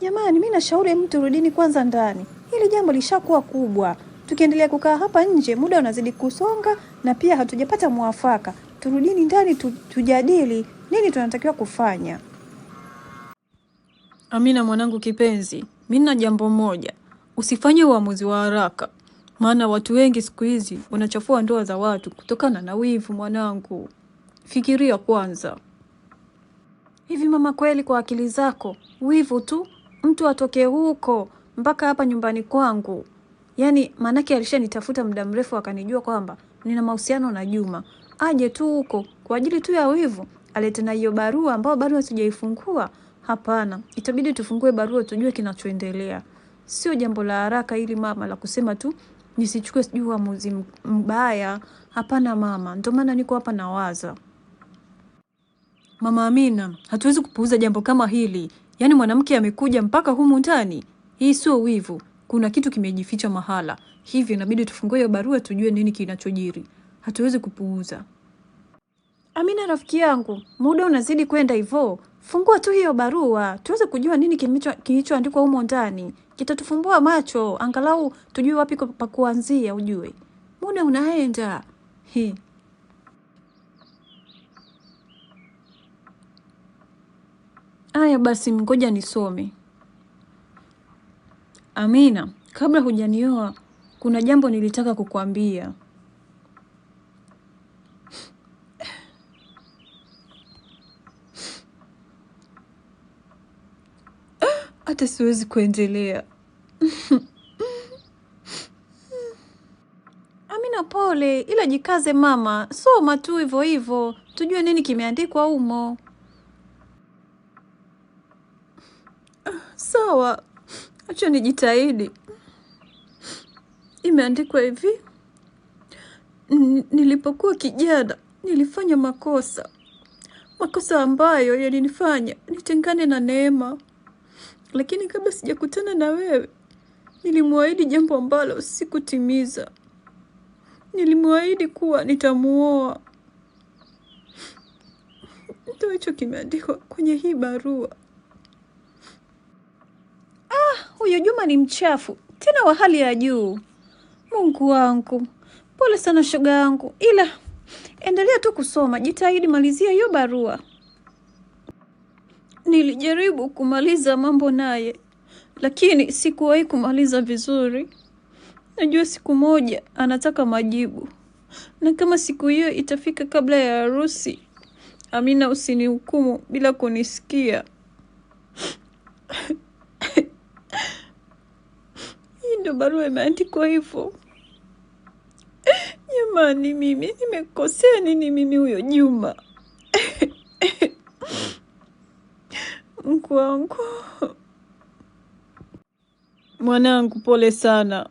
Jamani, mi nashauri mtu rudini kwanza ndani, hili jambo lishakuwa kubwa. Tukiendelea kukaa hapa nje, muda unazidi kusonga na pia hatujapata mwafaka. Turudini ndani tu, tujadili nini tunatakiwa kufanya. Amina mwanangu kipenzi, mi na jambo moja, usifanye uamuzi wa haraka, maana watu wengi siku hizi wanachafua ndoa za watu kutokana na wivu. Mwanangu, fikiria kwanza. Hivi mama, kweli kwa akili zako wivu tu mtu atoke huko mpaka hapa nyumbani kwangu. Yani maanake alishanitafuta muda mrefu, akanijua kwamba nina mahusiano na Juma, aje tu huko kwa ajili tu ya wivu, alete na hiyo barua ambayo bado hatujaifungua. Hapana, itabidi tufungue barua tujue kinachoendelea. Sio jambo la haraka ili mama, la kusema tu nisichukue sijui uamuzi mbaya. Hapana mama, ndio maana niko hapa nawaza. Mama Amina, hatuwezi kupuuza jambo kama hili. Yaani mwanamke amekuja mpaka humu ndani. Hii sio wivu, kuna kitu kimejificha mahala, hivyo inabidi tufungue hiyo barua tujue nini kinachojiri. Hatuwezi kupuuza. Amina rafiki yangu, muda unazidi kwenda hivyo. Fungua tu hiyo barua tuweze kujua nini kilichoandikwa humo ndani, kitatufumbua macho, angalau tujue wapi pa kuanzia. Ujue muda unaenda. Hii. Aya basi, mngoja nisome. Amina, kabla hujanioa kuna jambo nilitaka kukuambia Hata siwezi kuendelea. Amina, pole, ila jikaze mama, soma tu hivyo hivyo, tujue nini kimeandikwa humo. sawa, acha nijitahidi. Imeandikwa hivi: nilipokuwa kijana nilifanya makosa, makosa ambayo yalinifanya nitengane na Neema, lakini kabla sijakutana na wewe nilimwahidi jambo ambalo sikutimiza. Nilimwahidi kuwa nitamuoa. Ndio hicho kimeandikwa kwenye hii barua huyo Juma ni mchafu tena wa hali ya juu. Mungu wangu, pole sana shoga yangu, ila endelea tu kusoma, jitahidi malizia hiyo barua. Nilijaribu kumaliza mambo naye, lakini sikuwahi kumaliza vizuri. Najua siku moja anataka majibu, na kama siku hiyo itafika kabla ya harusi, Amina, usinihukumu bila kunisikia. Hii ndo barua imeandikwa hivyo? Jamani, mimi nimekosea nini? Mimi huyo Juma mkwangu. Mwanangu, pole sana.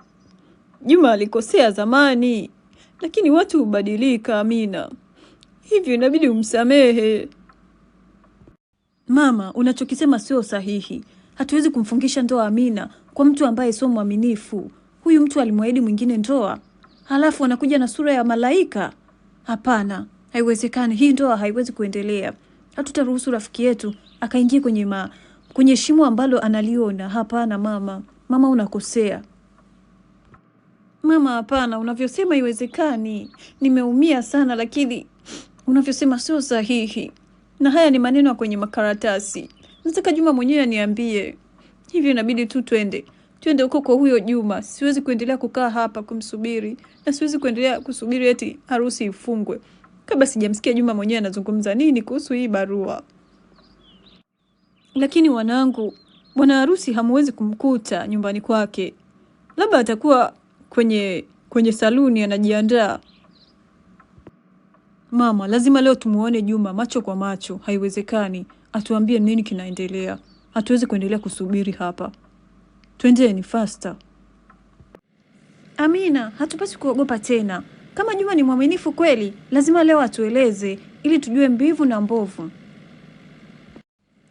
Juma alikosea zamani, lakini watu hubadilika, Amina, hivyo inabidi umsamehe. Mama, unachokisema sio sahihi. Hatuwezi kumfungisha ndoa Amina kwa mtu ambaye sio mwaminifu. Huyu mtu alimwahidi mwingine ndoa, halafu anakuja na sura ya malaika. Hapana, haiwezekani. Hii ndoa haiwezi kuendelea. Hatutaruhusu rafiki yetu akaingia kwenye ma, kwenye shimo ambalo analiona. Hapana mama, mama unakosea mama. Hapana, unavyosema haiwezekani. Nimeumia sana, lakini unavyosema sio sahihi, na haya ni maneno ya kwenye makaratasi nataka Juma mwenyewe aniambie. Hivyo inabidi tu twende twende huko kwa huyo Juma. Siwezi kuendelea kukaa hapa kumsubiri, na siwezi kuendelea kusubiri eti harusi ifungwe kabla sijamsikia Juma mwenyewe anazungumza nini kuhusu hii barua. Lakini wanangu, bwana harusi hamwezi kumkuta nyumbani kwake, labda atakuwa kwenye kwenye saluni anajiandaa. Mama, lazima leo tumuone Juma macho kwa macho, haiwezekani atuambie nini kinaendelea. Hatuwezi kuendelea kusubiri hapa, twendeni faster. Amina, hatupasi kuogopa tena. Kama Juma ni mwaminifu kweli, lazima leo atueleze ili tujue mbivu na mbovu.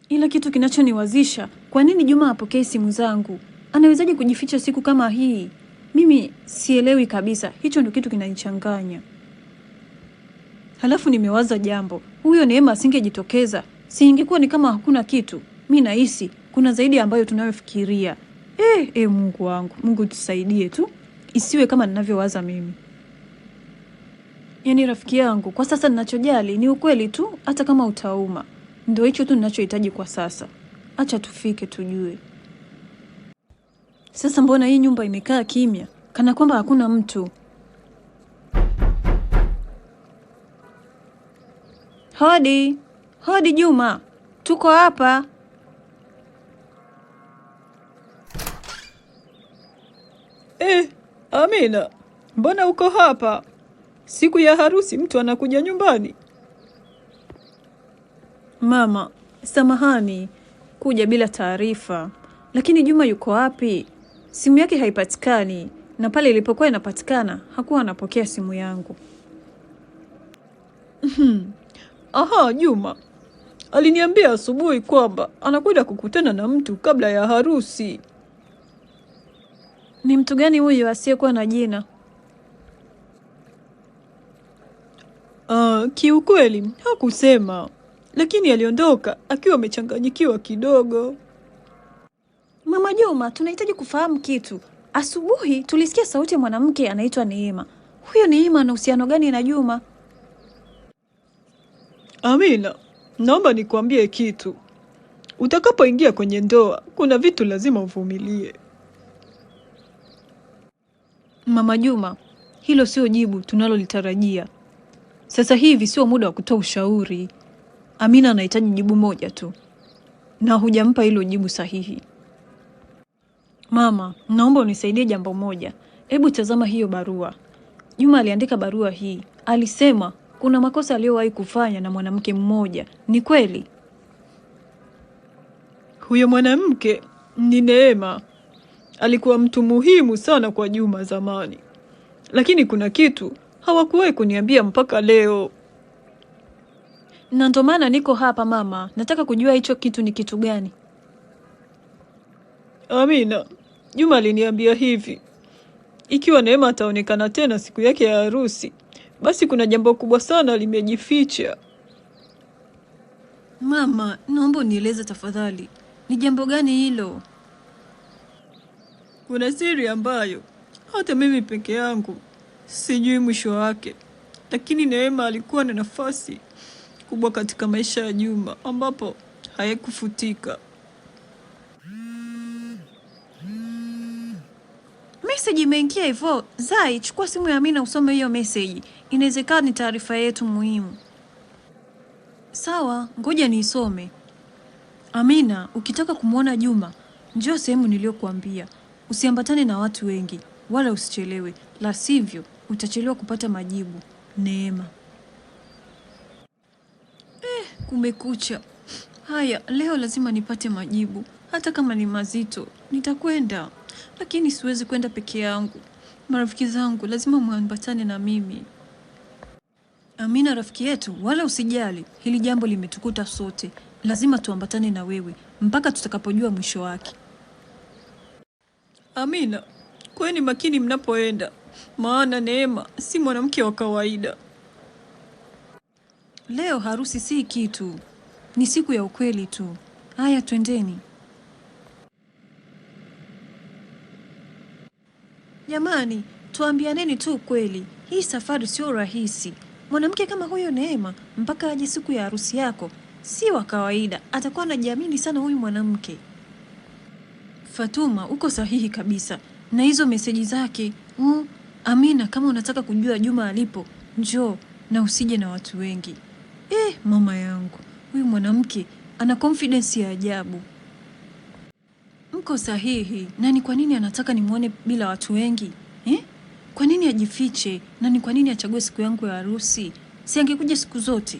Ila kitu kinachoniwazisha, kwa nini Juma apokee simu zangu? Anawezaje kujificha siku kama hii? Mimi sielewi kabisa, hicho ndio kitu kinanichanganya. Halafu nimewaza jambo, huyo Neema asingejitokeza Si ingekuwa ni kama hakuna kitu, mi nahisi kuna zaidi ambayo tunayofikiria. E, e, Mungu wangu, Mungu tusaidie tu isiwe kama ninavyowaza mimi. Yaani rafiki yangu, kwa sasa ninachojali ni ukweli tu, hata kama utauma. Ndio hicho tu ninachohitaji kwa sasa. Acha tufike tujue. Sasa mbona hii nyumba imekaa kimya kana kwamba hakuna mtu? Hodi. Hodi Juma, tuko hapa. Eh, Amina, mbona uko hapa? Siku ya harusi mtu anakuja nyumbani. Mama, samahani kuja bila taarifa, lakini Juma yuko wapi? Simu yake haipatikani, na pale ilipokuwa inapatikana hakuwa anapokea simu yangu. Hmm. Aha, Juma Aliniambia asubuhi kwamba anakwenda kukutana na mtu kabla ya harusi. Ni mtu gani huyo asiyekuwa na jina? Uh, kiukweli hakusema, lakini aliondoka akiwa amechanganyikiwa kidogo. Mama Juma, tunahitaji kufahamu kitu. Asubuhi tulisikia sauti ya mwanamke anaitwa Neema. Huyo Neema ana uhusiano gani na Juma? Amina, Naomba nikuambie kitu. Utakapoingia kwenye ndoa, kuna vitu lazima uvumilie. Mama Juma, hilo sio jibu tunalolitarajia. Sasa hivi sio muda wa kutoa ushauri. Amina anahitaji jibu moja tu, na hujampa hilo jibu sahihi. Mama, naomba unisaidie jambo moja. Hebu tazama hiyo barua. Juma aliandika barua hii, alisema kuna makosa aliyowahi kufanya na mwanamke mmoja. Ni kweli huyo mwanamke ni Neema, alikuwa mtu muhimu sana kwa Juma zamani, lakini kuna kitu hawakuwahi kuniambia mpaka leo, na ndo maana niko hapa mama. Nataka kujua hicho kitu ni kitu gani. Amina, Juma aliniambia hivi, ikiwa Neema ataonekana tena siku yake ya harusi basi kuna jambo kubwa sana limejificha. Mama, naomba unieleze tafadhali, ni jambo gani hilo? Kuna siri ambayo hata mimi peke yangu sijui mwisho wake, lakini Neema alikuwa na nafasi kubwa katika maisha ya Juma ambapo haikufutika. Message imeingia hivyo. Zai, chukua simu ya Amina usome hiyo message. Inawezekana ni taarifa yetu muhimu. Sawa, ngoja niisome. Amina, ukitaka kumwona Juma, njoo sehemu niliyokuambia. Usiambatane na watu wengi wala usichelewe, la sivyo utachelewa kupata majibu. Neema. Eh, kumekucha. Haya, leo lazima nipate majibu, hata kama ni mazito. Nitakwenda lakini siwezi kwenda peke yangu. Marafiki zangu lazima mwambatane na mimi. Amina rafiki yetu, wala usijali, hili jambo limetukuta sote. Lazima tuambatane na wewe mpaka tutakapojua mwisho wake. Amina, kweni makini mnapoenda, maana Neema si mwanamke wa kawaida. Leo harusi si kitu, ni siku ya ukweli tu. Haya, twendeni. Jamani, tuambianeni tu kweli, hii safari sio rahisi. Mwanamke kama huyo Neema mpaka aje siku ya harusi yako si wa kawaida, atakuwa anajiamini sana huyu mwanamke. Fatuma, uko sahihi kabisa na hizo meseji zake. Mm, Amina, kama unataka kujua Juma alipo, njoo na usije na watu wengi. Eh, mama yangu, huyu mwanamke ana confidence ya ajabu yuko sahihi, na ni kwa nini anataka nimwone bila watu wengi eh? Kwa nini ajifiche, na ni kwa nini achague siku yangu ya harusi? Si angekuja siku zote?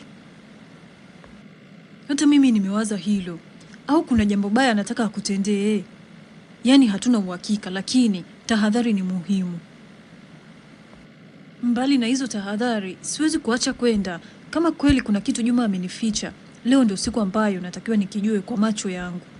Hata mimi nimewaza hilo, au kuna jambo baya anataka akutendee? Yaani hatuna uhakika, lakini tahadhari ni muhimu. Mbali na hizo tahadhari, siwezi kuacha kwenda. Kama kweli kuna kitu Juma amenificha, leo ndio siku ambayo natakiwa nikijue kwa macho yangu.